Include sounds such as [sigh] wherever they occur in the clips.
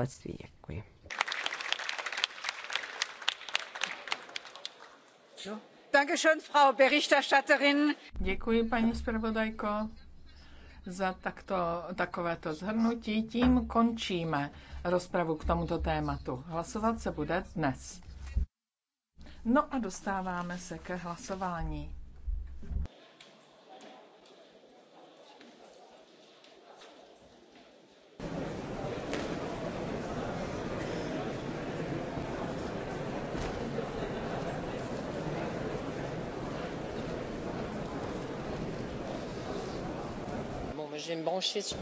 letství. Děkuji. Děkuji, paní zpravodajko, za takto, takovéto zhrnutí. Tím končíme rozpravu k tomuto tématu. Hlasovat se bude dnes. No a dostáváme se ke hlasování. branché sur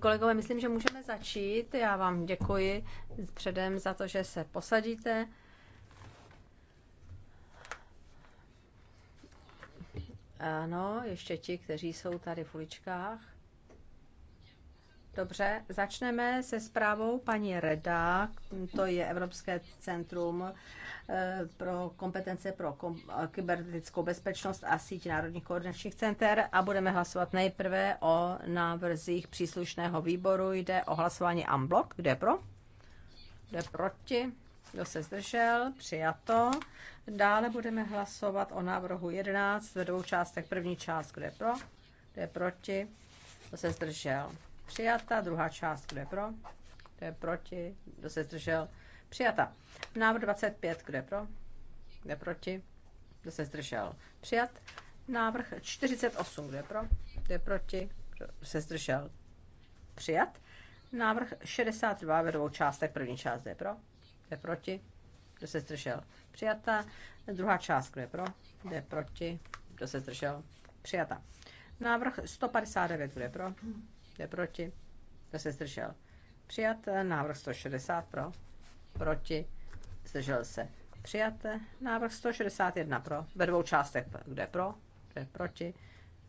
Kolegové, myslím, že můžeme začít. Já vám děkuji předem za to, že se posadíte. Ano, ještě ti, kteří jsou tady v uličkách. Dobře, začneme se zprávou paní Reda, to je Evropské centrum Eh, pro kompetence pro kom- kybernetickou bezpečnost a síť národních koordinačních center a budeme hlasovat nejprve o návrzích příslušného výboru. Jde o hlasování Amblok. Kde pro? Kde proti? Kdo se zdržel? Přijato. Dále budeme hlasovat o návrhu 11 ve dvou částech. První část, kde pro? Kde proti? Kdo se zdržel? Přijata. Druhá část, kde pro? Kde proti? Kdo se zdržel? Přijata. Návrh 25, kdo je pro? Kdo je proti? Kdo se zdržel? Přijat. Návrh 48, kdo je pro? Kdo je proti? Kdo se zdržel? Přijat. Návrh 62 ve dvou částech. První část, kdo je pro? Kdo je proti? Kdo se zdržel? Přijata. Druhá část, kdo je pro? Kdo je proti? Kdo se zdržel? Přijata. Návrh 159, kdo je pro? Kdo je proti? Kdo se zdržel? Přijat. Návrh 160 pro? proti, zdržel se. Přijaté. Návrh 161 pro. Ve dvou částech. kde pro? kde proti?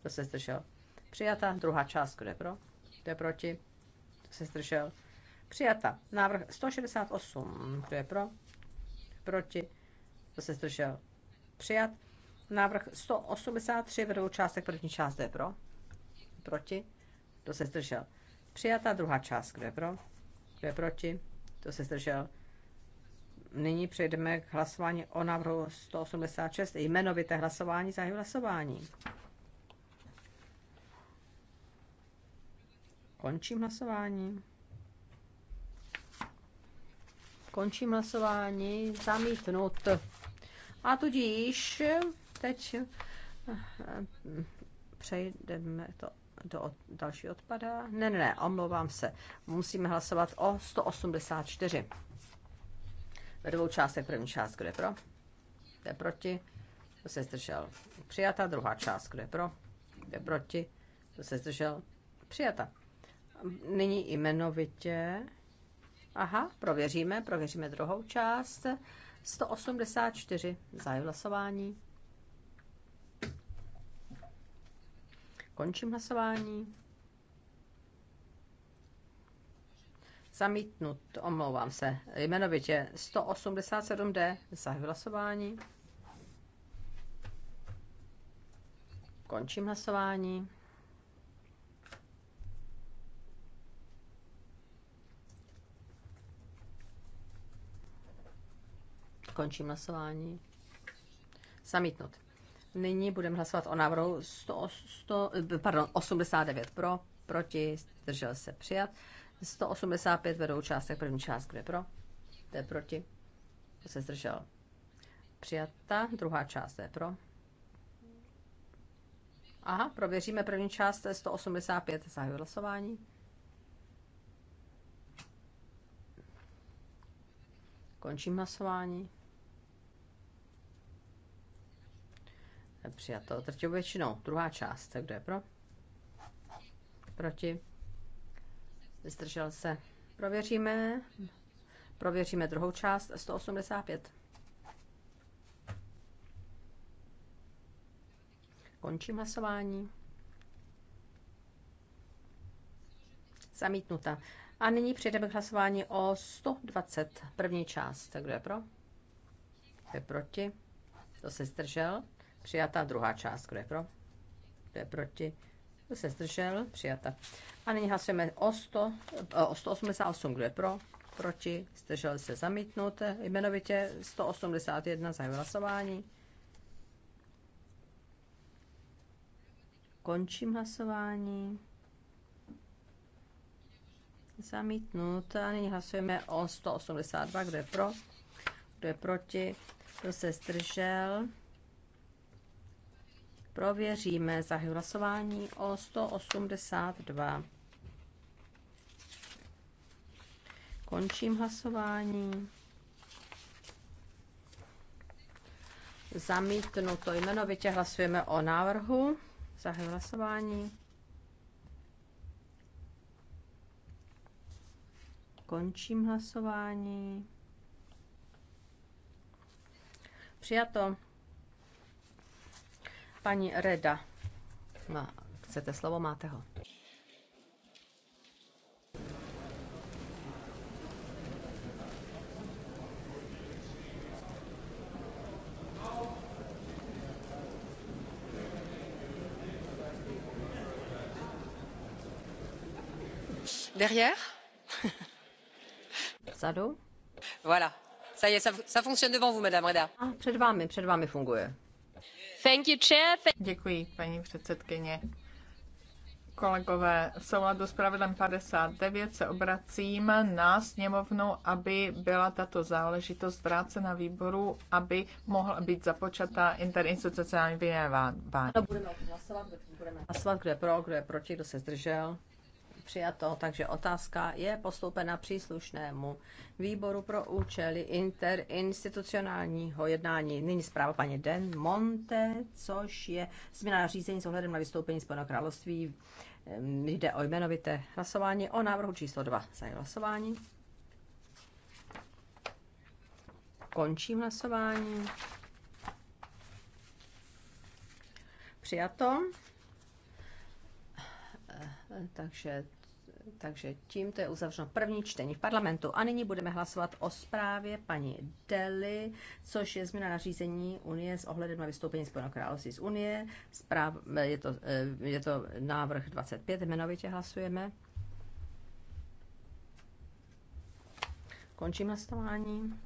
to se zdržel? Přijata. Druhá část. kde pro? kde proti? to se zdržel? Přijata. Návrh 168. kde je pro? Proti? to se zdržel? Přijat. Návrh 183 ve dvou částech. První část. kde je pro? Proti? to se zdržel? Přijata. Druhá část. kde je pro? kde proti? to se zdržel? nyní přejdeme k hlasování o návrhu 186, jmenovité hlasování, za hlasování. Končím hlasování. Končím hlasování, zamítnut. A tudíž teď eh, přejdeme to do od, další odpada. Ne, ne, ne, omlouvám se. Musíme hlasovat o 184 ve dvou částech. První část, kdo je pro, kdo je proti, kdo se zdržel, přijata. Druhá část, kdo je pro, kdo je proti, kdo se zdržel, přijata. Nyní jmenovitě, aha, prověříme, prověříme druhou část. 184 zájem hlasování. Končím hlasování. Zamítnut, omlouvám se, jmenovitě 187D, za hlasování. Končím hlasování. Končím hlasování. Zamítnut. Nyní budeme hlasovat o návrhu 100, 100, pardon, 89 pro, proti, zdržel se přijat. 185 vedou částek, první část, kde pro, to je proti, to se zdržel. Přijata, druhá část, je pro. Aha, prověříme první část 185, zahajuji hlasování. Končím hlasování. Přijato drtivou většinou. Druhá část, kdo je pro? Proti? zdržel se. Prověříme. Prověříme druhou část 185. Končím hlasování. Zamítnuta. A nyní přejdeme k hlasování o 120. První část. Tak kdo je pro? Kdo je proti? Kdo se zdržel? Přijatá druhá část. Kdo je pro? Kdo je proti? se zdržel? Přijata. A nyní hlasujeme o, 100, o 188, kdo je pro, proti, zdržel se zamítnout, jmenovitě 181 za hlasování. Končím hlasování. Zamítnout. A nyní hlasujeme o 182, kdo je pro, kdo je proti, kdo se zdržel. Prověříme za hlasování o 182. Končím hlasování. Zamítnuto jmenovitě hlasujeme o návrhu. Zahy hlasování. Končím hlasování. Přijato. Paní Reda, má, chcete slovo, máte ho. Derrière Vzadu. Voilà. Ça y est, ça, ça fonctionne devant vous, Madame Reda. Ah, před vámi, před vámi funguje. Děkuji, paní předsedkyně. Kolegové, v souladu s pravidlem 59 se obracím na sněmovnu, aby byla tato záležitost vrácena výboru, aby mohla být započata interinstitucionální vyjednávání. Budeme hlasovat, kdo je pro, kdo je proti, kdo se zdržel přijato, takže otázka je postoupena příslušnému výboru pro účely interinstitucionálního jednání. Nyní zpráva paní Den Monte, což je změna řízení s ohledem na vystoupení Spojeného království. Ehm, jde o jmenovité hlasování o návrhu číslo 2. Zahajuji hlasování. Končím hlasování. Přijato ehm, takže takže tímto je uzavřeno první čtení v parlamentu. A nyní budeme hlasovat o zprávě paní Deli, což je změna nařízení Unie s ohledem na vystoupení Spojeného království z Unie. Zpráv, je, to, eh, je to návrh 25, jmenovitě hlasujeme. Končím hlasování.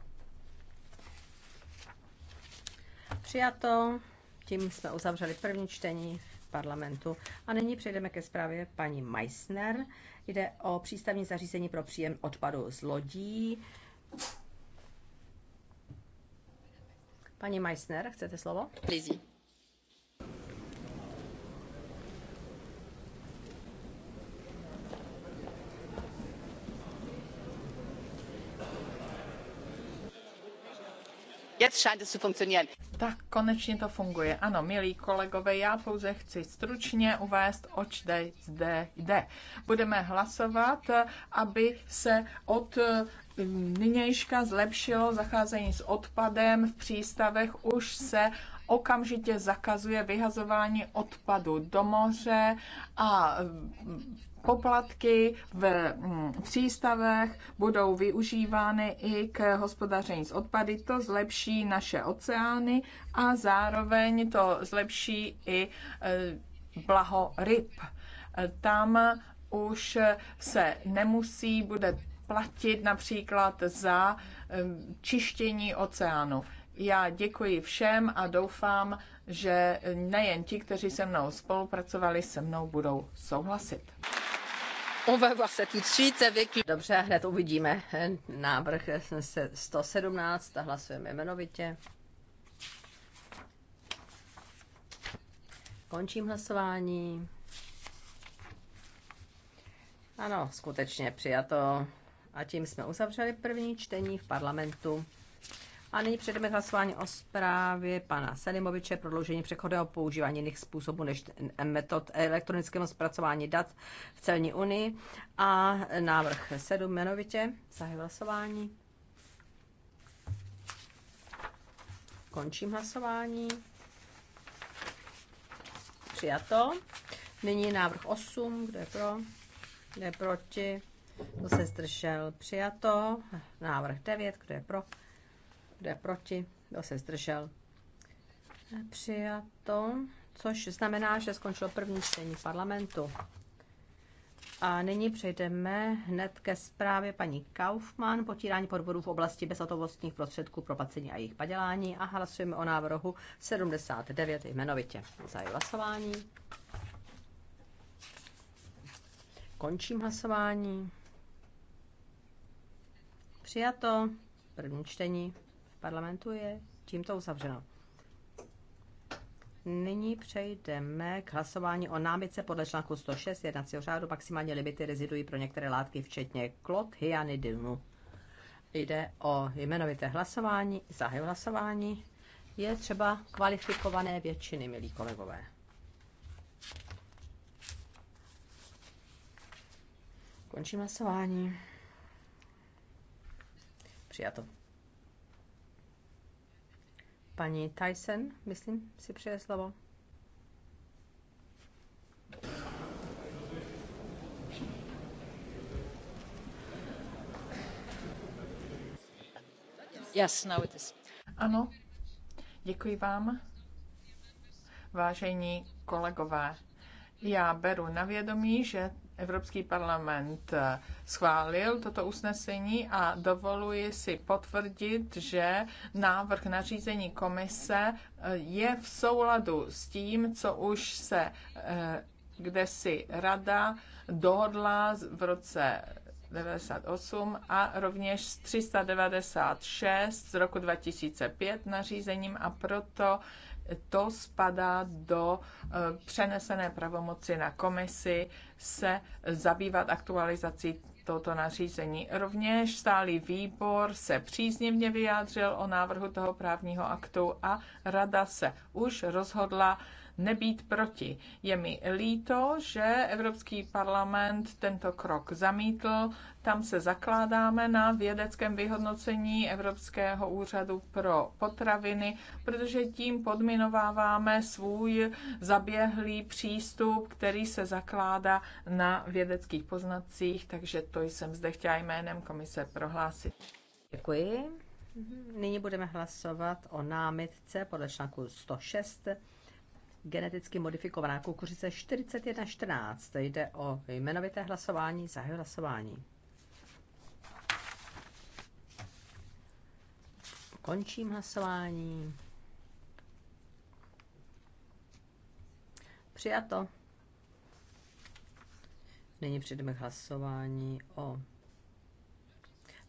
Přijato. Tím jsme uzavřeli první čtení parlamentu. A nyní přejdeme ke zprávě paní Meissner. Jde o přístavní zařízení pro příjem odpadu z lodí. Paní Meissner, chcete slovo? Lizí. Jetzt scheint es zu funktionieren. Tak konečně to funguje. Ano, milí kolegové, já pouze chci stručně uvést, oč jde, zde jde. Budeme hlasovat, aby se od eh, nynějška zlepšilo zacházení s odpadem v přístavech. Už se okamžitě zakazuje vyhazování odpadu do moře a mm, poplatky v mm, přístavech budou využívány i k hospodaření s odpady. To zlepší naše oceány a zároveň to zlepší i e, blaho ryb. Tam už se nemusí, bude platit například za e, čištění oceánu. Já děkuji všem a doufám, že nejen ti, kteří se mnou spolupracovali, se mnou budou souhlasit. On va voir ça tout de suite avec... Dobře, hned uvidíme návrh 117 a hlasujeme jmenovitě. Končím hlasování. Ano, skutečně přijato. A tím jsme uzavřeli první čtení v parlamentu. A nyní přejdeme k hlasování o zprávě pana Selimoviče, prodloužení přechodného používání jiných způsobů než metod elektronického zpracování dat v celní unii. A návrh 7 jmenovitě, zahy hlasování. Končím hlasování. Přijato. Nyní návrh 8, kde je pro, kde je proti, kdo se zdržel, přijato. Návrh 9, kdo je pro, kdo je proti? Kdo se zdržel? Přijato, což znamená, že skončilo první čtení parlamentu. A nyní přejdeme hned ke zprávě paní Kaufmann, potírání podvodů v oblasti bezhotovostních prostředků pro placení a jejich padělání a hlasujeme o návrhu 79 jmenovitě. Zahajuji hlasování. Končím hlasování. Přijato. První čtení parlamentu je tímto uzavřeno. Nyní přejdeme k hlasování o námice podle článku 106 jednacího řádu. Maximální limity rezidují pro některé látky, včetně klothyanidinu. Jde o jmenovité hlasování, zahajování. hlasování. Je třeba kvalifikované většiny, milí kolegové. Končím hlasování. Přijato. Paní Tyson, myslím, si přeje slovo. Yes, now it is. Ano, děkuji vám. Vážení kolegové, já beru na vědomí, že Evropský parlament eh, schválil toto usnesení a dovoluji si potvrdit, že návrh nařízení komise eh, je v souladu s tím, co už se eh, kde si rada dohodla v roce 98 a rovněž 396 z roku 2005 nařízením a proto to spadá do eh, přenesené pravomoci na komisi se zabývat aktualizací tohoto nařízení. Rovněž stálý výbor se příznivně vyjádřil o návrhu toho právního aktu a rada se už rozhodla nebýt proti. Je mi líto, že Evropský parlament tento krok zamítl. Tam se zakládáme na vědeckém vyhodnocení Evropského úřadu pro potraviny, protože tím podminováváme svůj zaběhlý přístup, který se zakládá na vědeckých poznacích, takže to jsem zde chtěla jménem komise prohlásit. Děkuji. Mhm. Nyní budeme hlasovat o námitce podle článku 106 geneticky modifikovaná kukuřice 4114. Jde o jmenovité hlasování, zahajuji hlasování. Končím hlasování. Přijato. Nyní přijdeme k hlasování o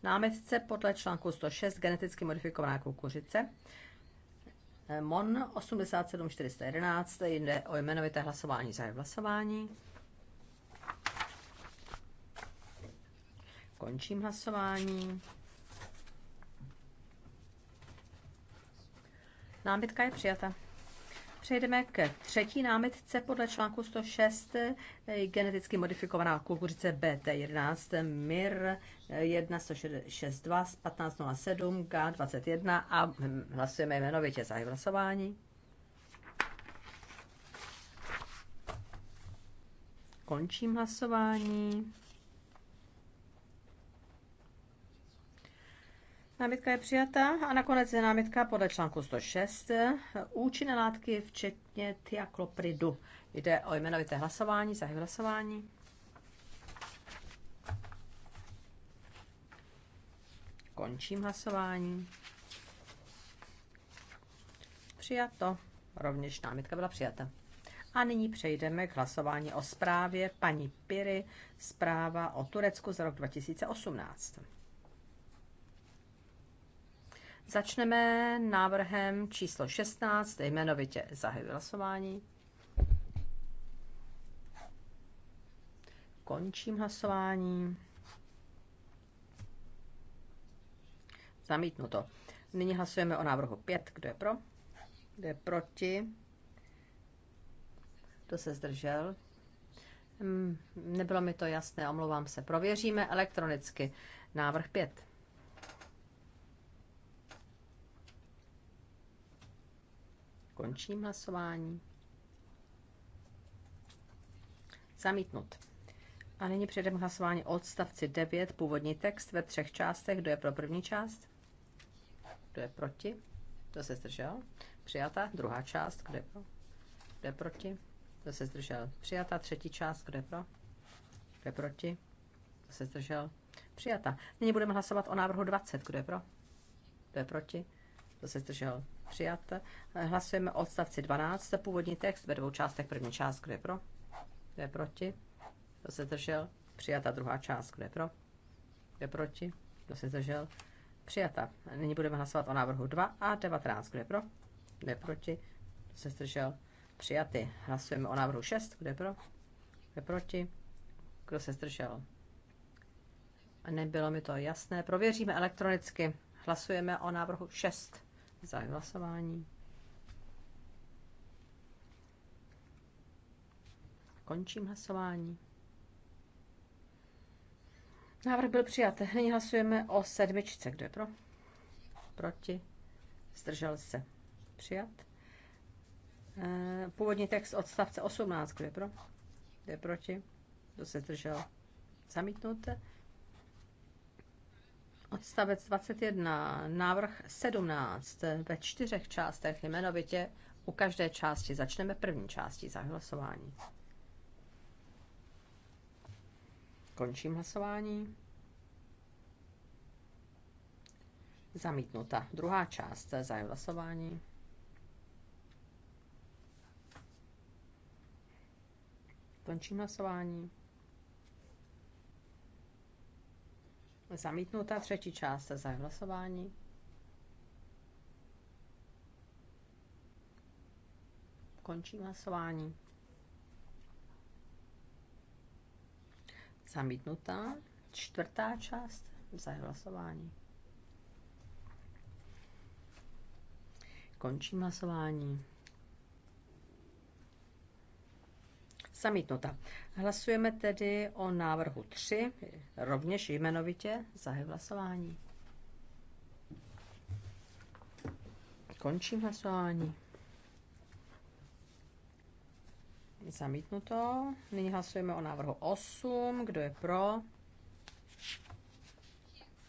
námitce podle článku 106 geneticky modifikovaná kukuřice. MON 87411, jde o jmenovité hlasování, zahajuji hlasování. Končím hlasování. Námitka je přijata. Přejdeme k třetí námitce podle článku 106 geneticky modifikovaná kukuřice BT11 MIR 1162 1507 g 21 a hlasujeme jmenovitě za hlasování. Končím hlasování. Námitka je přijata a nakonec je námitka podle článku 106. Účinné látky včetně tiaklopridu. Jde o jmenovité hlasování, zahy hlasování. Končím hlasování. Přijato. Rovněž námitka byla přijata. A nyní přejdeme k hlasování o zprávě paní Piry, zpráva o Turecku za rok 2018. Začneme návrhem číslo 16, jmenovitě zahajuji hlasování. Končím hlasování. Zamítnuto. Nyní hlasujeme o návrhu 5. Kdo je pro? Kdo je proti? Kdo se zdržel? Mm, nebylo mi to jasné, omlouvám se. Prověříme elektronicky. Návrh 5. Končím hlasování. Zamítnut. A nyní předem hlasování o odstavci 9, původní text ve třech částech. Kdo je pro první část? Kdo je proti? Kdo se zdržel? Přijata. Druhá část. Kdo je pro? Kdo je proti? Kdo se zdržel? Přijata. Třetí část. Kdo je pro? Kdo je proti? Kdo se zdržel? Přijata. Nyní budeme hlasovat o návrhu 20. Kdo je pro? Kdo je proti? Kdo se zdržel? přijat. Hlasujeme o odstavci 12, původní text ve dvou částech. První část, kdo je pro, kdo je proti, kdo se zdržel, přijata druhá část, kdo je pro, kdo je proti, kdo se zdržel, přijata. Nyní budeme hlasovat o návrhu 2 a 19, kdo je pro, kdo je proti, kdo se zdržel, přijaty. Hlasujeme o návrhu 6, kdo je pro, kdo je proti, kdo se zdržel. Nebylo mi to jasné. Prověříme elektronicky. Hlasujeme o návrhu 6 za hlasování. Končím hlasování. Návrh byl přijat. Nyní hlasujeme o sedmičce. Kdo je pro? Proti? Zdržel se. Přijat. E, původní text odstavce 18. Kdo je pro? Kdo je proti? Kdo se zdržel? Zamítnout. Odstavec 21, návrh 17 ve čtyřech částech jmenovitě. U každé části začneme první části za hlasování. Končím hlasování. Zamítnuta. Druhá část za hlasování. Končím hlasování. Zamítnuta třetí část za hlasování. Končím hlasování. Zamítnutá čtvrtá část za hlasování. Končím hlasování. Zamítnuta. Hlasujeme tedy o návrhu 3, rovněž jmenovitě zahy hlasování. Končím hlasování. Zamítnuto. Nyní hlasujeme o návrhu 8. Kdo je pro?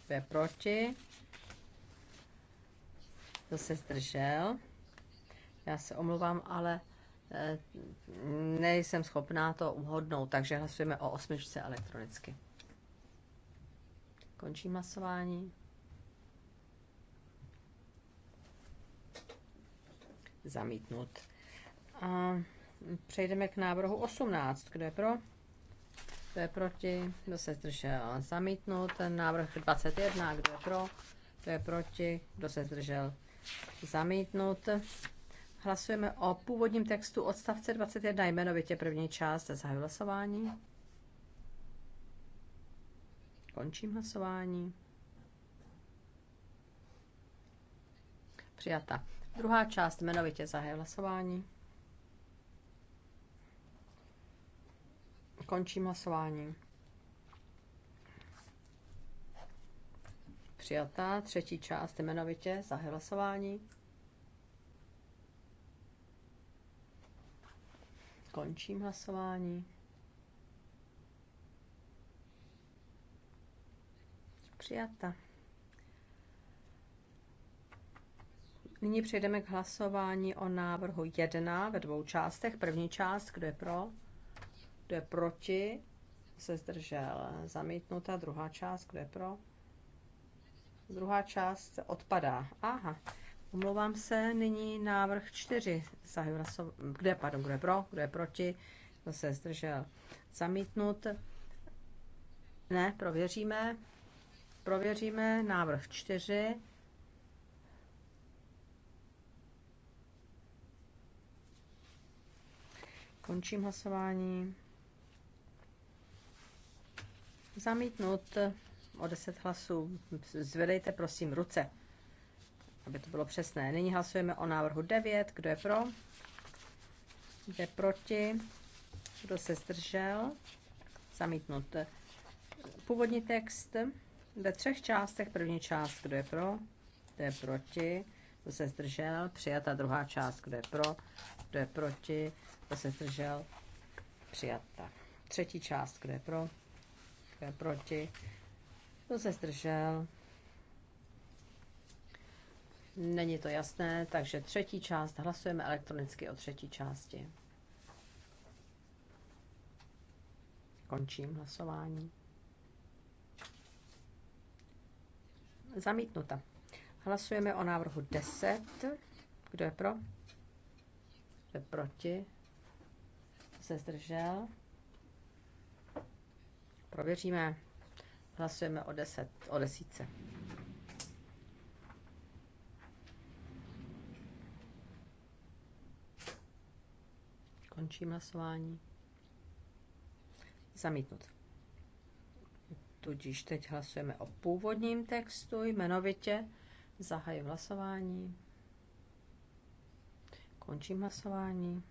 Kdo je proti? Kdo se zdržel? Já se omluvám, ale Eh, nejsem schopná to uhodnout, takže hlasujeme o osmičce elektronicky. Končí masování Zamítnut. A přejdeme k návrhu 18. Kdo je pro? Kdo je proti? Kdo se zdržel? Zamítnut. Návrh 21. Kdo je pro? Kdo je proti? Kdo se zdržel? Zamítnut. Hlasujeme o původním textu odstavce 21 jmenovitě první část. za hlasování. Končím hlasování. Přijata. Druhá část jmenovitě za hlasování. Končím hlasování. Přijata. Třetí část jmenovitě za hlasování. Končím hlasování. Přijata. Nyní přejdeme k hlasování o návrhu 1 ve dvou částech. První část, kdo je pro, kdo je proti, se zdržel. Zamítnuta druhá část, kdo je pro. Druhá část odpadá. Aha. Omlouvám se, nyní návrh 4. Zahajuji Kde, pardon, kdo je pro, kdo je proti, kdo se zdržel. Zamítnut. Ne, prověříme. Prověříme návrh 4. Končím hlasování. Zamítnut o 10 hlasů. Zvedejte prosím ruce aby to bylo přesné. Nyní hlasujeme o návrhu 9. Kdo je pro? Kdo je proti? Kdo se zdržel? Zamítnut. Původní text ve třech částech. První část, kdo je pro? Kdo je proti? Kdo se zdržel? Přijata druhá část, kdo je pro? Kdo je proti? Kdo se zdržel? Přijata. Třetí část, kdo je pro? Kdo je proti? Kdo se zdržel? Není to jasné, takže třetí část, hlasujeme elektronicky o třetí části. Končím hlasování. Zamítnuta. Hlasujeme o návrhu 10. Kdo je pro? Kdo je proti? Se zdržel? Prověříme. Hlasujeme o, 10, o desíce. Končím hlasování. Zamítnut. Tudíž teď hlasujeme o původním textu jmenovitě. Zahajím hlasování. Končím hlasování.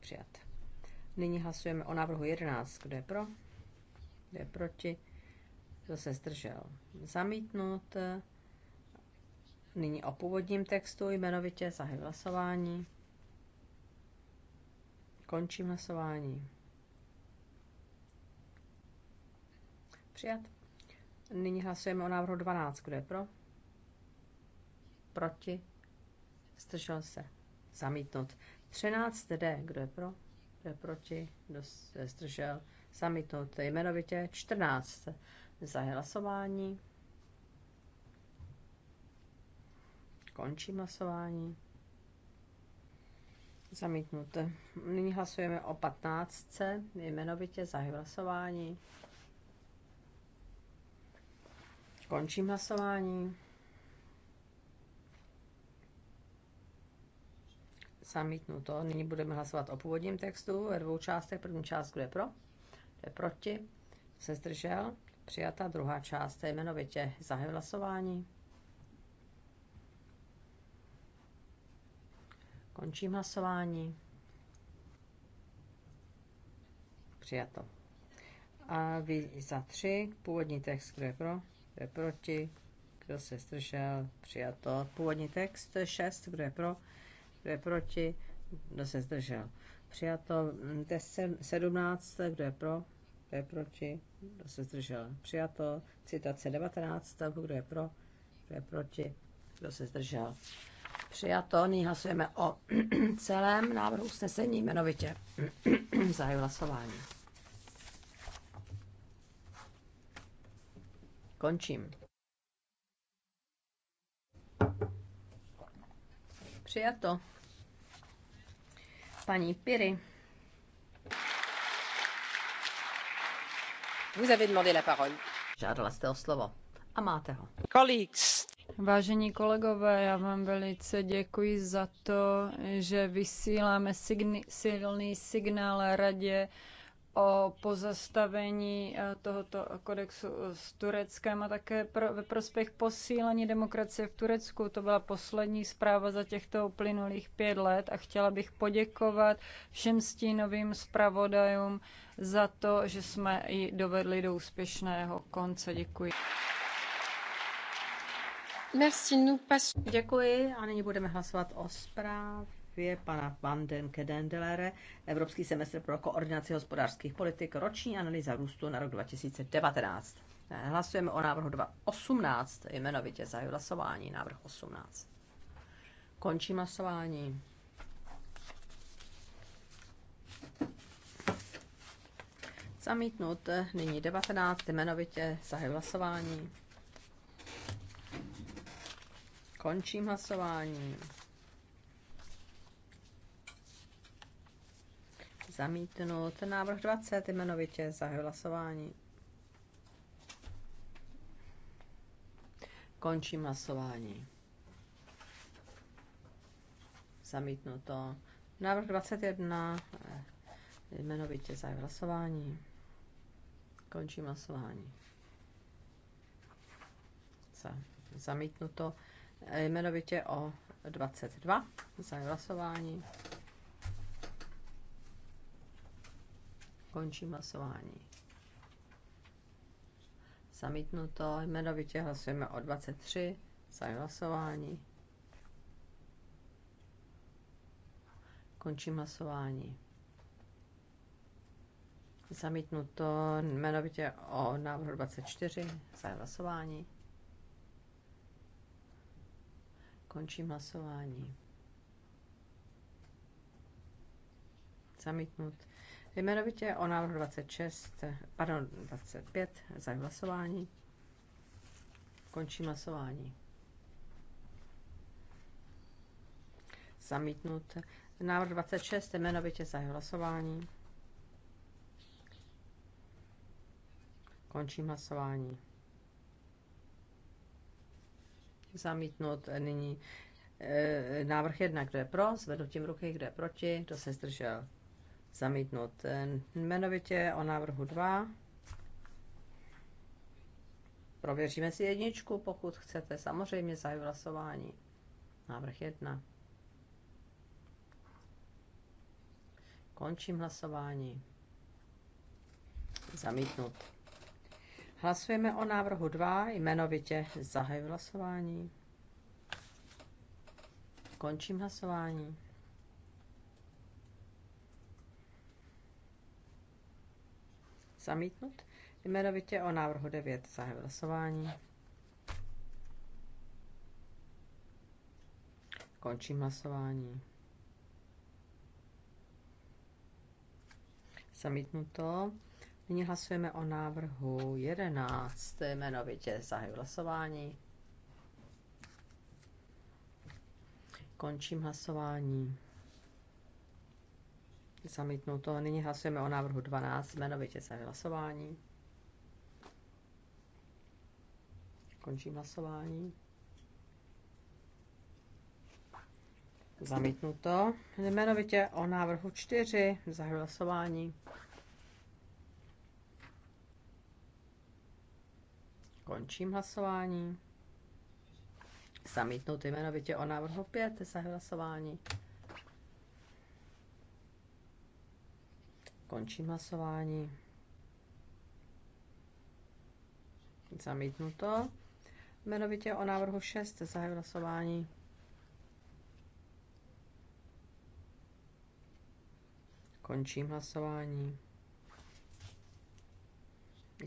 Přijat. Nyní hlasujeme o návrhu 11. Kdo je pro? Kdo je proti? Kdo se zdržel? Zamítnut. Nyní o původním textu jmenovitě zahajuji hlasování. Končím hlasování. Přijat. Nyní hlasujeme o návrhu 12. Kdo je pro? Proti? Zdržel se. Zamítnut. 13D. Kdo je pro? Kdo je proti? Kdo se zdržel? Zamítnut. Jmenovitě 14. Zahajuji hlasování. Končím hlasování. Zamítnuto. Nyní hlasujeme o 15. Jmenovitě za hlasování. Končím hlasování. Zamítnuto. Nyní budeme hlasovat o původním textu ve dvou částech. První část, kdo je pro, kdo je proti, se zdržel. Přijata druhá část, jmenovitě za hlasování. Končím hlasování. Přijato. A vy za tři, původní text, kdo je pro, kdo je proti, kdo se zdržel, přijato. Původní text šest kdo je pro, kdo je proti, kdo se zdržel. Přijato 17, kdo je pro, kdo je proti, kdo se zdržel. Přijato citace 19, kdo je pro, kdo je proti, kdo se zdržel. Přijato. Nyní hlasujeme o [clears throat] celém návrhu usnesení jmenovitě. [clears throat] Zahajuji hlasování. Končím. Přijato. Paní Piry. Vous avez demandé la parole. Žádala jste o slovo a máte ho. Colleagues. Vážení kolegové, já vám velice děkuji za to, že vysíláme signi- silný signál radě o pozastavení eh, tohoto kodexu eh, s Tureckem a také pro, ve prospěch posílení demokracie v Turecku. To byla poslední zpráva za těchto uplynulých pět let a chtěla bych poděkovat všem stínovým zpravodajům za to, že jsme ji dovedli do úspěšného konce. Děkuji. Děkuji a nyní budeme hlasovat o zprávě pana Van den Kedendelere, Evropský semestr pro koordinaci hospodářských politik, roční analýza růstu na rok 2019. Eh, hlasujeme o návrhu 18, jmenovitě za hlasování, návrh 18. Končím hlasování. Zamítnut eh, nyní 19, jmenovitě za hlasování. Končím hlasování. ten Návrh 20 jmenovitě zahajuji hlasování. Končím hlasování. Zamítnuto. Návrh 21 jmenovitě za hlasování. Končím hlasování. Zamítnuto jmenovitě o 22 za hlasování. Končím hlasování. Zamítnuto. Jmenovitě hlasujeme o 23 za hlasování. Končím hlasování. Zamítnuto jmenovitě o návrhu 24 za hlasování. Končím hlasování. Zamítnut. Jmenovitě o návrhu 26, pardon, 25, za hlasování. Končím hlasování. Zamítnut. Návrh 26, jmenovitě za hlasování. Končím hlasování zamítnout, Nyní eh, návrh jedna, kdo je pro, zvednutím ruky, kdo je proti, kdo se zdržel, zamítnout, Jmenovitě o návrhu 2. Prověříme si jedničku, pokud chcete. Samozřejmě za hlasování. Návrh 1. Končím hlasování. zamítnout. Hlasujeme o návrhu 2, jmenovitě zahajuji hlasování. Končím hlasování. Zamítnut. Jmenovitě o návrhu 9 zahajuji hlasování. Končím hlasování. Zamítnuto. Nyní hlasujeme o návrhu 11, jmenovitě zahajuji hlasování. Končím hlasování. Zamítnuto. Nyní hlasujeme o návrhu 12, jmenovitě zahajuji hlasování. Končím hlasování. Zamítnuto. Jmenovitě o návrhu 4, zahajuji hlasování. Končím hlasování. Zamítnout jmenovitě o návrhu 5 za hlasování. Končím hlasování. Zamítnuto. Jmenovitě o návrhu 6 zahajuji hlasování. Končím hlasování.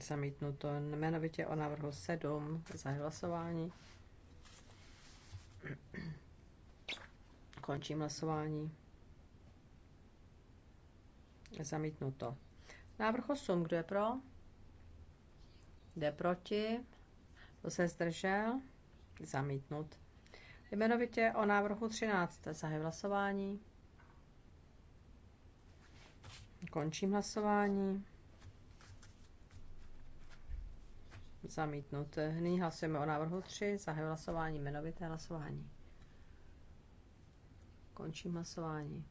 Zamítnuto jmenovitě o návrhu 7 za hlasování. Končím hlasování. Zamítnuto. Návrh 8, kdo je pro? Jde proti. Kdo se zdržel? Zamítnut. Jmenovitě o návrhu 13. Zahy hlasování. Končím hlasování. Zamítnut. Nyní hlasujeme o návrhu 3. Zahajuji hlasování, jmenovité hlasování. Končím hlasování.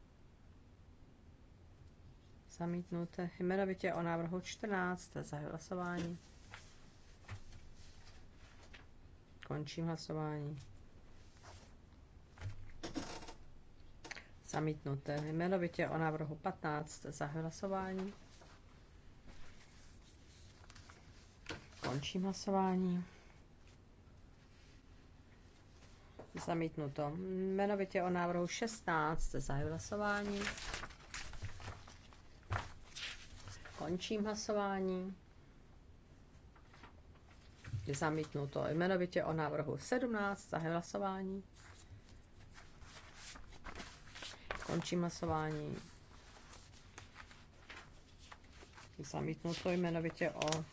Zamítnut. Jmenovitě o návrhu 14. Zahajuji hlasování. Končím hlasování. Zamítnuté. Jmenovitě o návrhu 15. Zahajuji hlasování. Končím hlasování. Zamítnuto. Jmenovitě o návrhu 16. Zahajuji hlasování. Končím hlasování. Zamítnuto. Jmenovitě o návrhu 17. Zahajuji hlasování. Končím hlasování. Zamítnuto jmenovitě o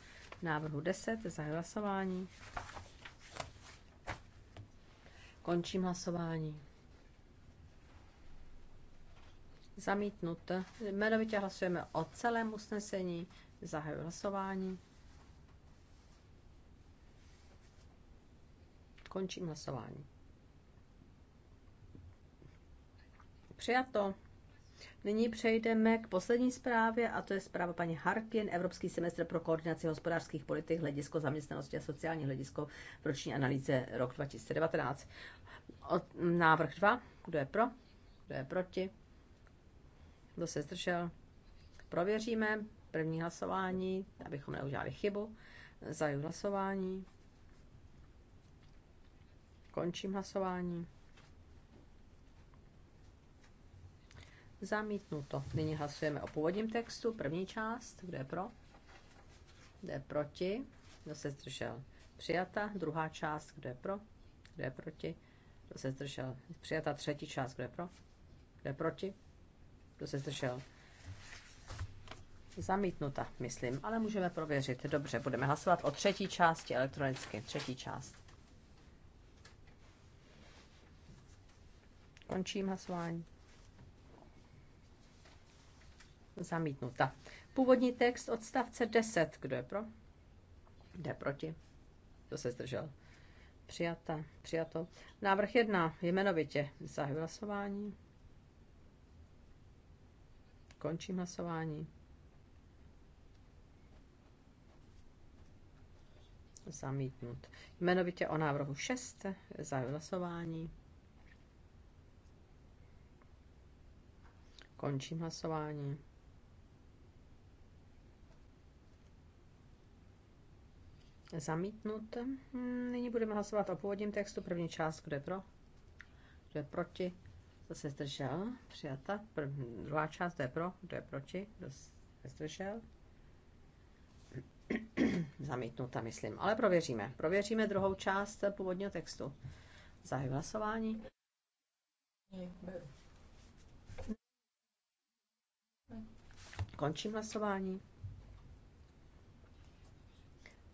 návrhu 10, za hlasování. Končím hlasování. Zamítnut. Jmenovitě hlasujeme o celém usnesení. Zahajuji hlasování. Končím hlasování. Přijato. Nyní přejdeme k poslední zprávě, a to je zpráva paní Harkin, Evropský semestr pro koordinaci hospodářských politik, hledisko zaměstnanosti a sociální hledisko v roční analýze rok 2019. Od, návrh 2. Kdo je pro? Kdo je proti? Kdo se zdržel? Prověříme první hlasování, abychom neudělali chybu. Zaju hlasování. Končím hlasování. Zamítnuto. Nyní hlasujeme o původním textu. První část. Kdo je pro? Kdo je proti? Kdo se zdržel? Přijata. Druhá část. Kdo je pro? Kdo je proti? Kdo se zdržel? Přijata. Třetí část. Kdo je pro? Kdo je proti? Kdo se zdržel? Zamítnuta, myslím, ale můžeme prověřit. Dobře, budeme hlasovat o třetí části elektronicky. Třetí část. Končím hlasování zamítnuta. Původní text odstavce 10. Kdo je pro? Jde proti. To se zdržel? Přijata, přijato. Návrh 1. Jmenovitě. Zahajuji hlasování. Končím hlasování. Zamítnut. Jmenovitě o návrhu 6. Zahajuji hlasování. Končím hlasování. Zamítnut. Hmm, nyní budeme hlasovat o původním textu. První část, kdo je pro? Kdo je proti? Kdo se zdržel? Přijata. První, druhá část, kdo je pro? Kdo je proti? Kdo se zdržel? [clears throat] Zamítnuta, myslím. Ale prověříme. Prověříme druhou část původního textu. Zahajuji hlasování. Končím hlasování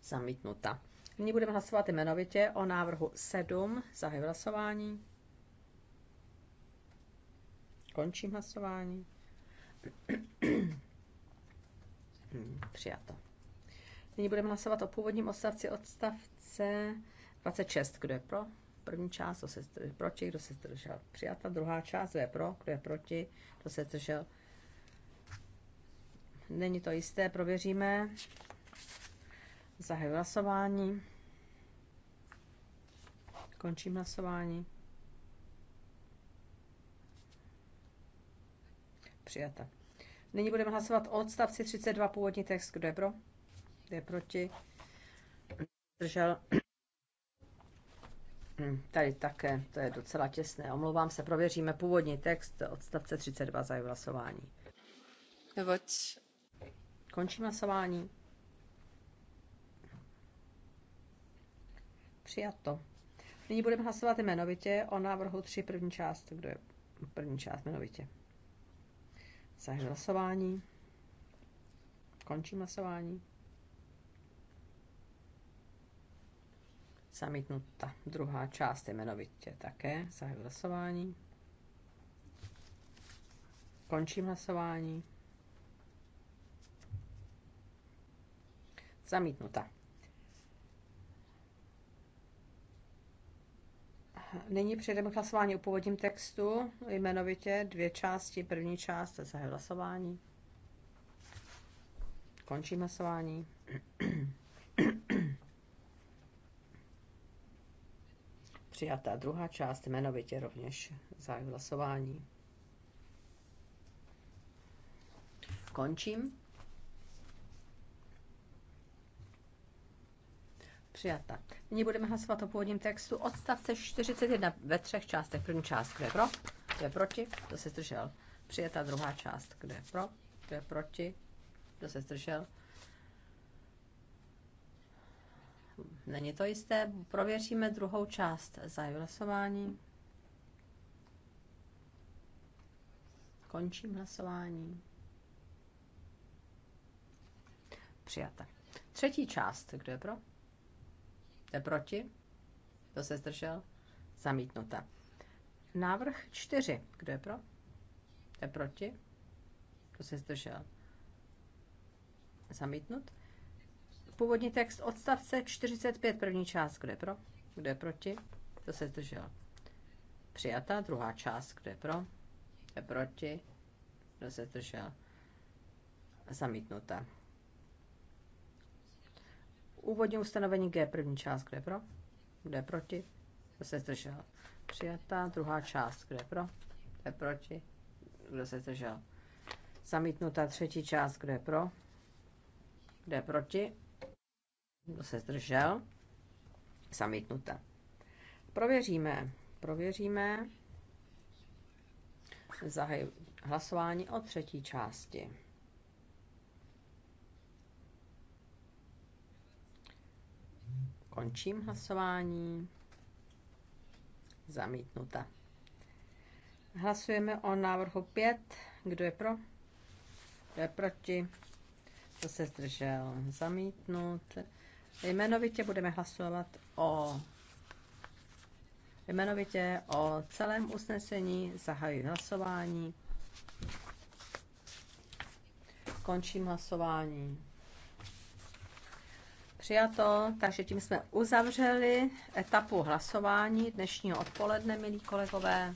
zamítnuta. Nyní budeme hlasovat jmenovitě o návrhu 7. Zahajuji hlasování. Končím hlasování. [clears throat] Přijato. Nyní budeme hlasovat o původním odstavci odstavce 26. Kdo je pro? První část, kdo se zdržel, proti, kdo se zdržel. Přijata druhá část, kdo je pro, kdo je proti, kdo se zdržel. Není to jisté, prověříme. Zahajuji hlasování. Končím hlasování. Přijata. Nyní budeme hlasovat o odstavci 32 původní text. Kdo je pro? Kdo je proti? Držel. [clears throat] Tady také, to je docela těsné. Omlouvám se, prověříme původní text odstavce 32 za hlasování. Neboť. Končím hlasování. Přijato. Nyní budeme hlasovat jmenovitě o návrhu 3 první část. Kdo je první část jmenovitě? Zahajuji hlasování. Končím hlasování. Zamítnuta druhá část jmenovitě také. Zahajuji hlasování. Končím hlasování. Zamítnuta. nyní přejdeme k hlasování o původním textu, jmenovitě dvě části. První část se hlasování. Končím hlasování. Přijatá druhá část, jmenovitě rovněž zahajuji hlasování. Končím. Přijata. Nyní budeme hlasovat o původním textu odstavce 41 ve třech částech. První část, kde pro, kde proti, kdo se zdržel. Přijata druhá část, kde pro, kde proti, kdo se zdržel. Není to jisté, prověříme druhou část za hlasování. Končím hlasování. Přijata. Třetí část, kdo je pro? Kdo je proti? Kdo se zdržel? Zamítnuta. Návrh čtyři, Kdo je pro? Kdo je proti? Kdo se zdržel? Zamítnut. Původní text odstavce 45, první část. Kdo je pro? Kdo je proti? Kdo se zdržel? Přijata. Druhá část. Kdo je pro? Kdo je proti? Kdo se zdržel? Zamítnuta. Úvodní ustanovení G, první část, kde pro? Kde proti? Kdo se zdržel? Přijatá. Druhá část, kde pro? Kde proti? Kdo se zdržel? Zamítnutá třetí část, kde pro? Kde proti? Kdo se zdržel? Zamítnuta. Prověříme. Prověříme. Zahaj hlasování o třetí části. Končím hlasování. Zamítnuta. Hlasujeme o návrhu 5. Kdo je pro? Kdo je proti? Kdo se zdržel? Zamítnut. Jmenovitě budeme hlasovat o jmenovitě o celém usnesení. Zahajuji hlasování. Končím hlasování přijato, takže tím jsme uzavřeli etapu hlasování dnešního odpoledne, milí kolegové.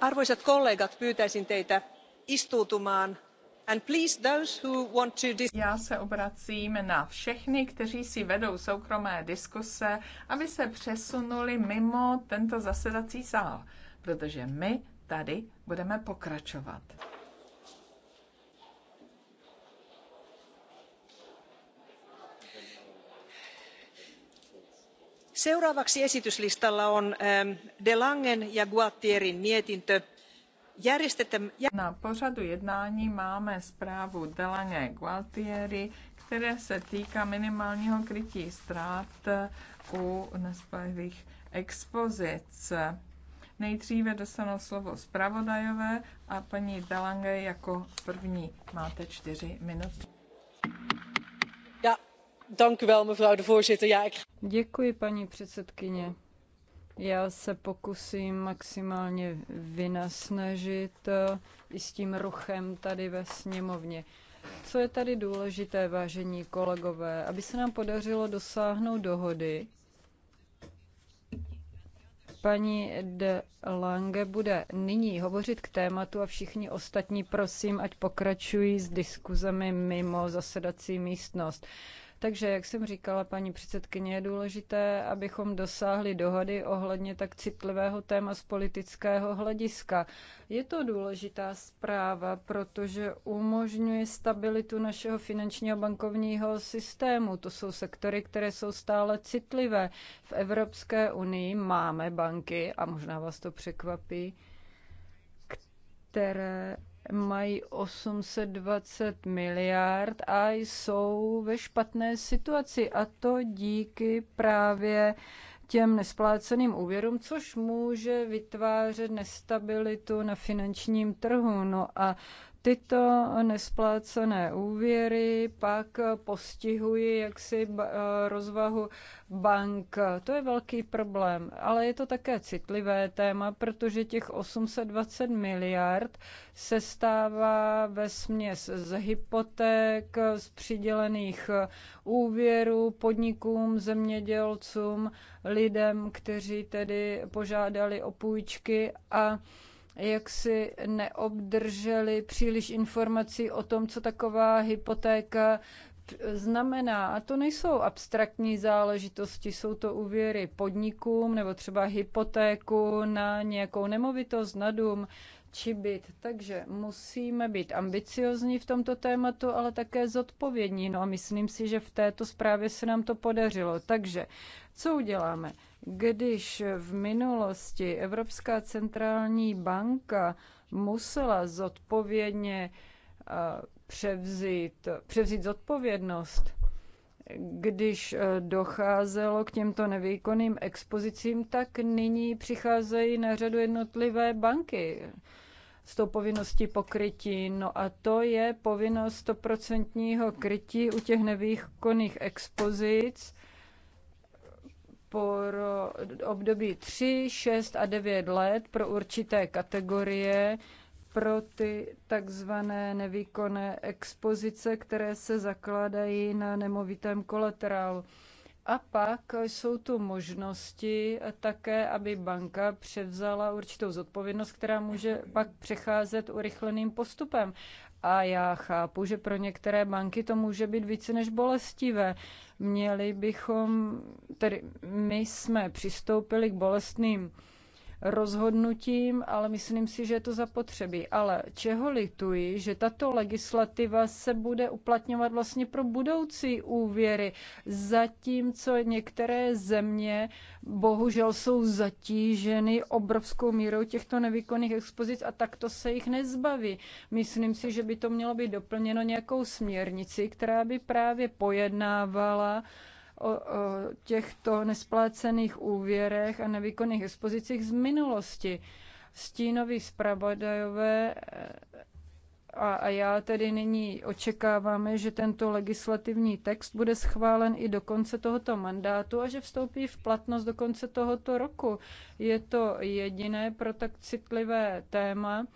arvoisat kollegat pyytäisin teitä istuutumaan. Já se obracím na všechny, kteří si vedou soukromé diskuse, aby se přesunuli mimo tento zasedací sál, protože my tady budeme pokračovat. Seuraavaksi esityslistalla on ehm, De Langen ja Guattierin mietintö na pořadu jednání máme zprávu Delaně Gualtieri, které se týká minimálního krytí ztrát u nespojivých expozic. Nejdříve dostanou slovo zpravodajové a paní Delange jako první. Máte čtyři minuty. Děkuji, paní předsedkyně já se pokusím maximálně vynasnažit eh, i s tím ruchem tady ve sněmovně. Co je tady důležité, vážení kolegové, aby se nám podařilo dosáhnout dohody, paní de Lange bude nyní hovořit k tématu a všichni ostatní prosím, ať pokračují s diskuzemi mimo zasedací místnost. Takže, jak jsem říkala, paní předsedkyně, je důležité, abychom dosáhli dohody ohledně tak citlivého téma z politického hlediska. Je to důležitá zpráva, protože umožňuje stabilitu našeho finančního bankovního systému. To jsou sektory, které jsou stále citlivé. V Evropské unii máme banky, a možná vás to překvapí, které mají 820 miliard a jsou ve špatné situaci. A to díky právě těm nespláceným úvěrům, což může vytvářet nestabilitu na finančním trhu. No a Tyto nesplácené úvěry pak postihují jaksi eh, rozvahu bank. To je velký problém, ale je to také citlivé téma, protože těch 820 miliard se stává ve směs z hypoték, z přidělených úvěrů podnikům, zemědělcům, lidem, kteří tedy požádali o půjčky a jak si neobdrželi příliš informací o tom, co taková hypotéka znamená. A to nejsou abstraktní záležitosti, jsou to úvěry podnikům nebo třeba hypotéku na nějakou nemovitost, na dům či byt. Takže musíme být ambiciozní v tomto tématu, ale také zodpovědní. No a myslím si, že v této zprávě se nám to podařilo. Takže co uděláme? Když v minulosti Evropská centrální banka musela zodpovědně eh, převzít, převzít zodpovědnost, když eh, docházelo k těmto nevýkonným expozicím, tak nyní přicházejí na řadu jednotlivé banky s tou povinností pokrytí. No a to je povinnost stoprocentního krytí u těch nevýkonných expozic pro období 3, 6 a 9 let pro určité kategorie pro ty takzvané nevýkonné expozice, které se zakládají na nemovitém kolaterálu. A pak jsou tu možnosti také, aby banka převzala určitou zodpovědnost, která může pak přecházet urychleným postupem. A já chápu, že pro některé banky to může být více než bolestivé. Měli bychom, tedy my jsme přistoupili k bolestným rozhodnutím, ale myslím si, že je to zapotřebí. Ale čeho lituji, že tato legislativa se bude uplatňovat vlastně pro budoucí úvěry, zatímco některé země bohužel jsou zatíženy obrovskou mírou těchto nevýkonných expozic a takto se jich nezbaví. Myslím si, že by to mělo být doplněno nějakou směrnici, která by právě pojednávala o, o těchto nesplácených úvěrech a nevýkonných expozicích z minulosti. Stínoví zpravodajové a, a já tedy nyní očekáváme, že tento legislativní text bude schválen i do konce tohoto mandátu a že vstoupí v platnost do konce tohoto roku. Je to jediné pro tak citlivé téma,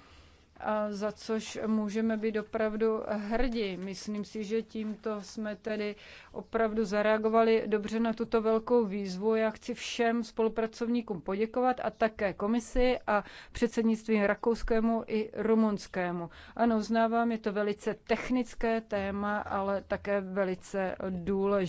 za což můžeme být opravdu hrdí. Myslím si, že tímto jsme tedy opravdu zareagovali dobře na tuto velkou výzvu. Já chci všem spolupracovníkům poděkovat a také komisi a předsednictví rakouskému i rumunskému. Ano, uznávám, je to velice technické téma, ale také velice důležité.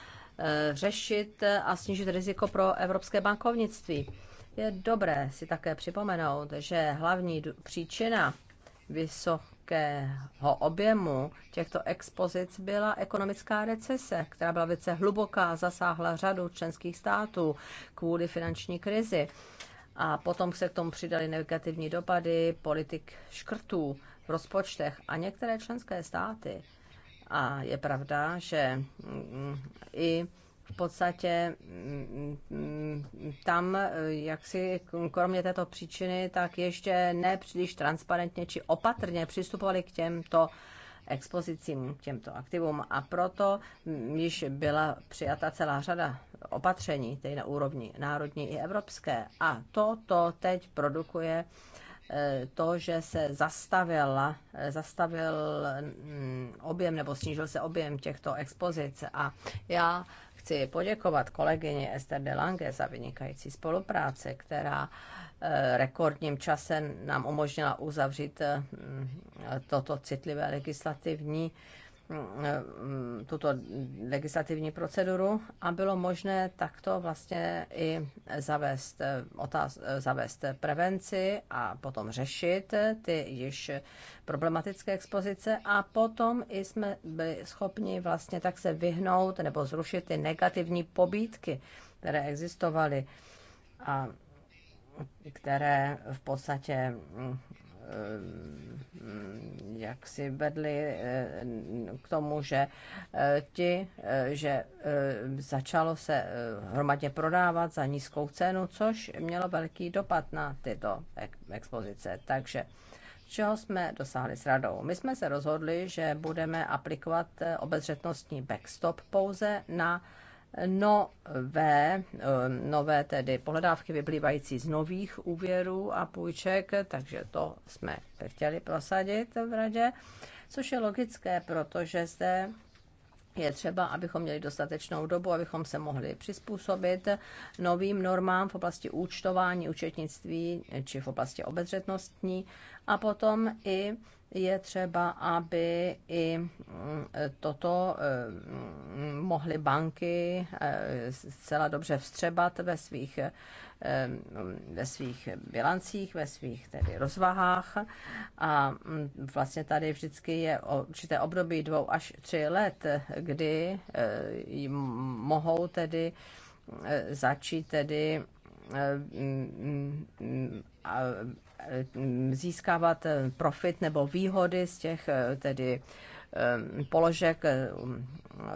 Eh, řešit a snížit riziko pro evropské bankovnictví. Je dobré si také připomenout, že hlavní příčina vysokého objemu těchto expozic byla ekonomická recese, která byla velice hluboká, zasáhla řadu členských států kvůli finanční krizi. A potom se k tomu přidaly negativní dopady politik škrtů v rozpočtech a některé členské státy a je pravda, že mm, i v podstatě mm, tam, jak si kromě této příčiny, tak ještě nepříliš transparentně či opatrně přistupovali k těmto expozicím, k těmto aktivům. A proto mm, již byla přijata celá řada opatření, tedy na úrovni národní i evropské. A toto teď produkuje uh, to, že se zastavila, zastavil mm, objem nebo snížil se objem těchto expozic. A já chci poděkovat kolegyni Esther de Lange za vynikající spolupráci, která eh, rekordním časem nám umožnila uzavřít mm, toto citlivé legislativní Mm, eh, mm, tuto legislativní proceduru a bylo možné takto vlastně i zavést, eh, otáz, eh, zavést prevenci a potom řešit ty již problematické expozice a potom i jsme byli schopni vlastně tak se vyhnout nebo zrušit ty negativní pobídky, které existovaly a které v podstatě mm, Eh, jak si vedli eh, k tomu, že eh, ti, že začalo se hromadně prodávat za nízkou cenu, což mělo velký dopad na tyto expozice. Takže čeho jsme dosáhli s radou. My jsme se rozhodli, že budeme aplikovat obezřetnostní backstop pouze na nové, eh, nové tedy pohledávky vyplývající z nových úvěrů a půjček, takže to jsme chtěli prosadit v radě, což je logické, protože zde je třeba, abychom měli dostatečnou dobu, abychom se mohli přizpůsobit novým normám v oblasti účtování, účetnictví či v oblasti obezřetnostní a potom i je třeba, aby i mm, toto mm, mohly banky eh, zcela dobře vstřebat ve svých, eh, ve svých bilancích, ve svých tedy rozvahách. A mm, vlastně tady vždycky je určité období dvou až tři let, kdy eh, mohou tedy začít tedy Eh, mm, mm, mm, eh, získávat eh, profit nebo výhody z těch tedy položek um,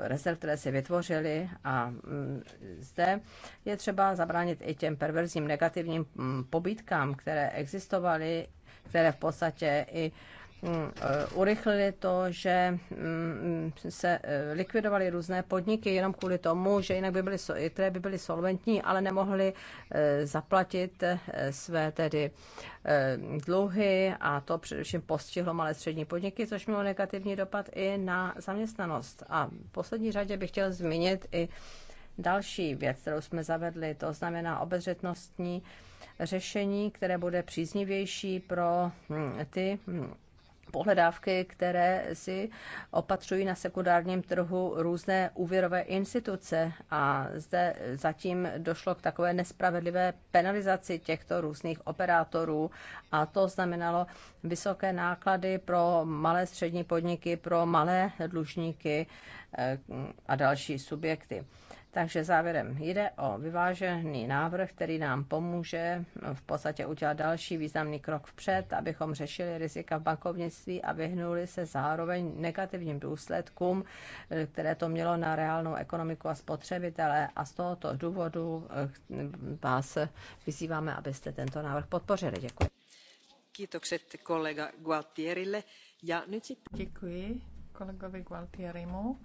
rezerv, které se vytvořily a zde je třeba zabránit i těm perverzním negativním pobítkám, které existovaly, které v podstatě i Eh, urychlili to, že mm, se eh, likvidovaly různé podniky jenom kvůli tomu, že jinak by byly, které by byly solventní, ale nemohly eh, zaplatit své tedy dluhy a to především postihlo malé střední podniky, což mělo negativní dopad i na zaměstnanost. A v poslední řadě bych chtěl zmínit i další věc, kterou jsme zavedli, to znamená obezřetnostní řešení, které bude příznivější pro hm, ty hm, pohledávky, které si opatřují na sekundárním trhu různé úvěrové instituce. A zde zatím došlo k takové nespravedlivé penalizaci těchto různých operátorů. A to znamenalo vysoké náklady pro malé střední podniky, pro malé dlužníky eh, a další subjekty. Takže závěrem jde o vyvážený návrh, který nám pomůže v podstatě udělat další významný krok vpřed, abychom řešili rizika v bankovnictví a vyhnuli se zároveň negativním důsledkům, které to mělo na reálnou ekonomiku a spotřebitele. A z tohoto důvodu eh, vás vyzýváme, abyste tento návrh podpořili. Děkuji. Kiitokset kolega Gualtierille. Ja nyt sitten... Děkuji kolegovi Gualtierimu.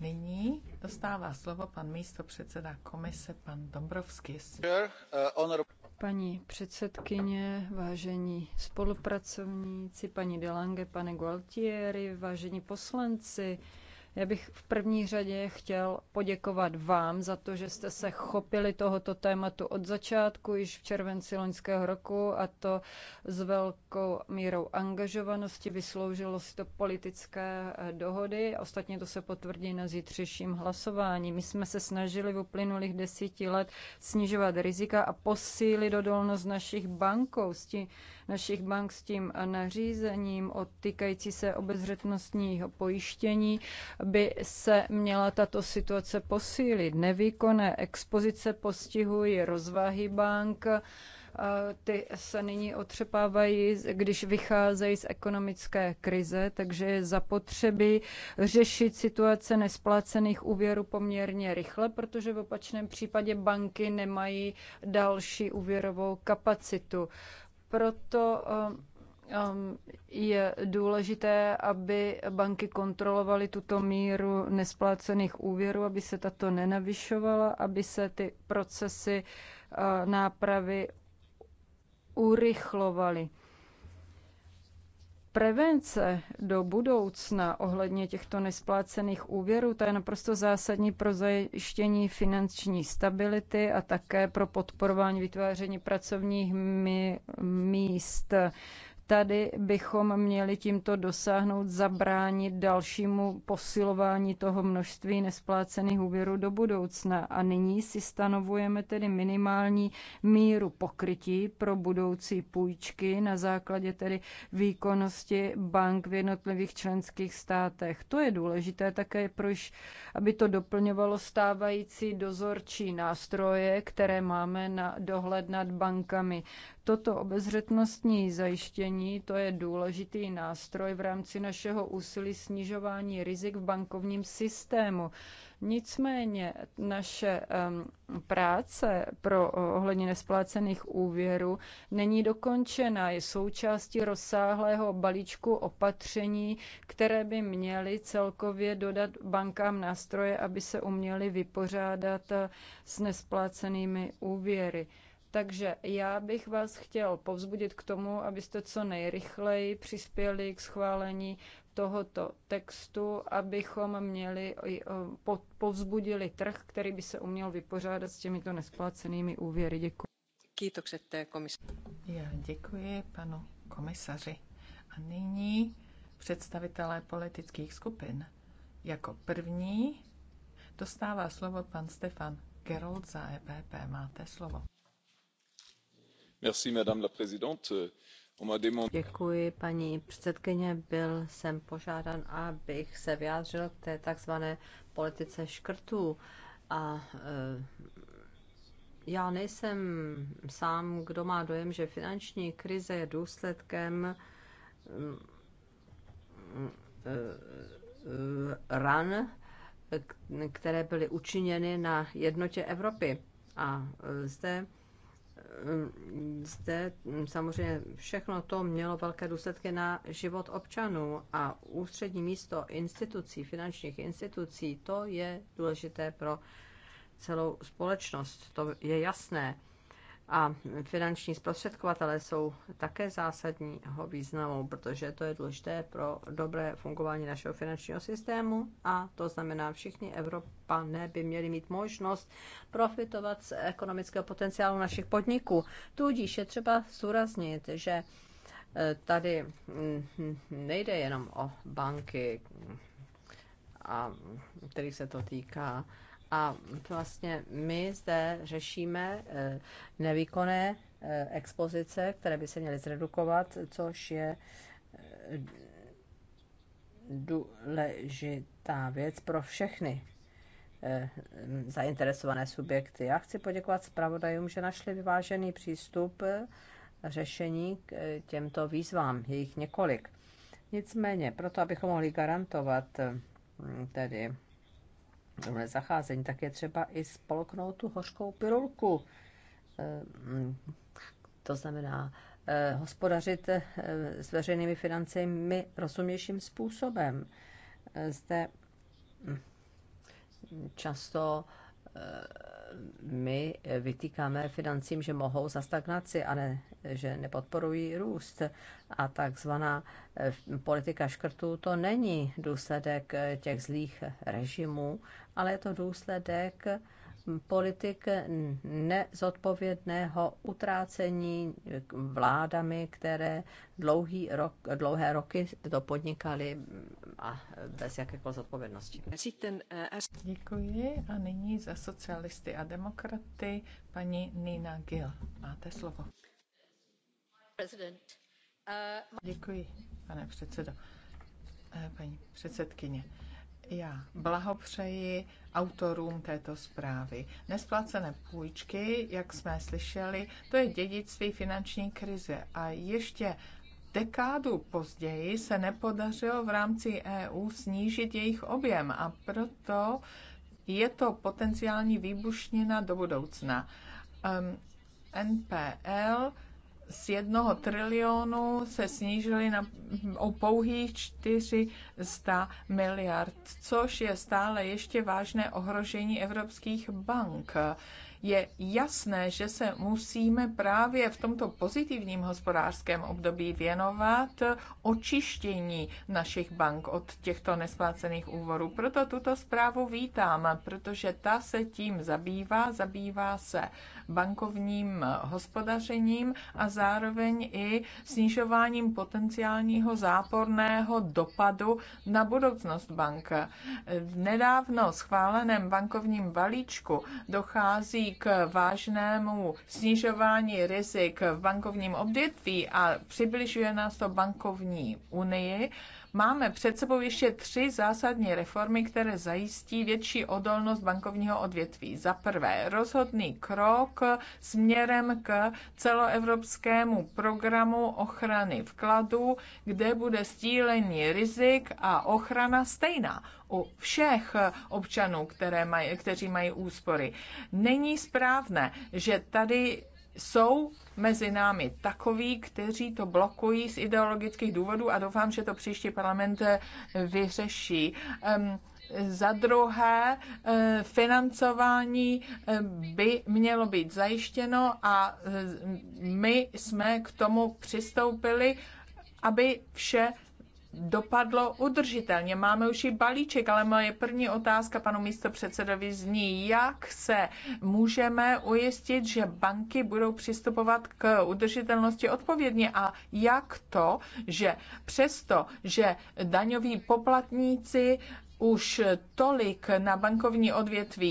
Nyní dostává slovo pan místo předseda komise, pan Dombrovský. Paní předsedkyně, vážení spolupracovníci, paní Delange, pane Gualtieri, vážení poslanci, já bych v první řadě chtěl poděkovat vám za to, že jste se chopili tohoto tématu od začátku, již v červenci loňského roku, a to s velkou mírou angažovanosti. Vysloužilo si to politické eh, dohody. Ostatně to se potvrdí na zítřejším hlasování. My jsme se snažili v uplynulých desíti let snižovat rizika a posílit odolnost našich bankovství. S tím našich bank s tím nařízením o týkající se obezřetnostního pojištění by se měla tato situace posílit. Nevýkonné expozice postihují rozvahy bank, ty se nyní otřepávají, když vycházejí z ekonomické krize, takže je zapotřebí řešit situace nesplácených úvěrů poměrně rychle, protože v opačném případě banky nemají další úvěrovou kapacitu. Proto um, um, je důležité, aby banky kontrolovaly tuto míru nesplácených úvěrů, aby se tato nenavyšovala, aby se ty procesy uh, nápravy urychlovaly prevence do budoucna ohledně těchto nesplácených úvěrů, to je naprosto zásadní pro zajištění finanční stability a také pro podporování vytváření pracovních míst. Tady bychom měli tímto dosáhnout, zabránit dalšímu posilování toho množství nesplácených úvěrů do budoucna. A nyní si stanovujeme tedy minimální míru pokrytí pro budoucí půjčky na základě tedy výkonnosti bank v jednotlivých členských státech. To je důležité také, proč, aby to doplňovalo stávající dozorčí nástroje, které máme na dohled nad bankami. Toto obezřetnostní zajištění to je důležitý nástroj v rámci našeho úsilí snižování rizik v bankovním systému. Nicméně naše um, práce pro ohledně nesplácených úvěrů není dokončena. Je součástí rozsáhlého balíčku opatření, které by měly celkově dodat bankám nástroje, aby se uměly vypořádat eh, s nesplácenými úvěry. Takže já bych vás chtěl povzbudit k tomu, abyste co nejrychleji přispěli k schválení tohoto textu, abychom měli povzbudili trh, který by se uměl vypořádat s těmito nesplácenými úvěry. Děkuji. Kiitokset komisaři. Já děkuji panu komisaři. A nyní představitelé politických skupin. Jako první dostává slovo pan Stefan Gerold za EPP. Máte slovo. Děkuji, paní předsedkyně. Byl jsem požádán, abych se vyjádřil k té takzvané politice škrtů. A eh, já nejsem sám, kdo má dojem, že finanční krize je důsledkem eh, eh, ran, které byly učiněny na jednotě Evropy. A zde Eh, zde samozřejmě všechno to mělo velké důsledky na život občanů a ústřední místo institucí, finančních institucí, to je důležité pro celou společnost, to je jasné a finanční zprostředkovatele jsou také zásadního významu, protože to je důležité pro dobré fungování našeho finančního systému a to znamená, všichni Evropané by měli mít možnost profitovat z ekonomického potenciálu našich podniků. Tudíž je třeba zúraznit, že eh, tady hm, hm, nejde jenom o banky, a kterých se to týká, a vlastně my zde řešíme eh, nevýkonné eh, expozice, které by se měly zredukovat, což je eh, důležitá věc pro všechny zainteresované subjekty. Já chci poděkovat zpravodajům, že našli vyvážený přístup řešení k těmto výzvám. jejich jich několik. Nicméně, proto abychom mohli garantovat tedy zacházení, tak je třeba i spolknout tu hořkou pilulku. Eh, to znamená eh, hospodařit eh, s veřejnými financemi rozumějším způsobem. Zde hm, často my vytýkáme financím, že mohou za stagnaci a ne, že nepodporují růst. A takzvaná eh, politika škrtů to není důsledek eh, těch zlých režimů, ale je to důsledek politik nezodpovědného utrácení vládami, které dlouhý rok, dlouhé roky to podnikaly a bez jakékoliv zodpovědnosti. Děkuji a nyní za socialisty a demokraty paní Nina Gill. Máte slovo. Uh, Děkuji, pane předsedo. Eh, paní předsedkyně. Já blahopřeji autorům této zprávy. Nesplacené půjčky, jak jsme slyšeli, to je dědictví finanční krize a ještě dekádu později se nepodařilo v rámci EU snížit jejich objem a proto je to potenciální výbušnina do budoucna. Um, NPL z jednoho trilionu se snížily na o pouhých 400 miliard, což je stále ještě vážné ohrožení evropských bank je jasné, že se musíme právě v tomto pozitivním hospodářském období věnovat očištění našich bank od těchto nesplácených úvorů. Proto tuto zprávu vítám, protože ta se tím zabývá, zabývá se bankovním hospodařením a zároveň i snižováním potenciálního záporného dopadu na budoucnost bank. V nedávno schváleném bankovním balíčku dochází k vážnému snižování rizik v bankovním odvětví a přibližuje nás to bankovní unii Máme před sebou ještě tři zásadní reformy, které zajistí větší odolnost bankovního odvětví. Za prvé, rozhodný krok směrem k celoevropskému programu ochrany vkladů, kde bude stílení rizik a ochrana stejná u všech občanů, které mají, kteří mají úspory. Není správné, že tady jsou mezi námi takoví, kteří to blokují z ideologických důvodů a doufám, že to příští parlament eh, vyřeší. Ehm, za druhé, eh, financování eh, by mělo být zajištěno a my jsme k tomu přistoupili, aby vše dopadlo udržitelně. Máme už i balíček, ale moje první otázka panu místopředsedovi zní, jak se můžeme ujistit, že banky budou přistupovat k udržitelnosti odpovědně a jak to, že přesto, že daňoví poplatníci už tolik na bankovní odvětví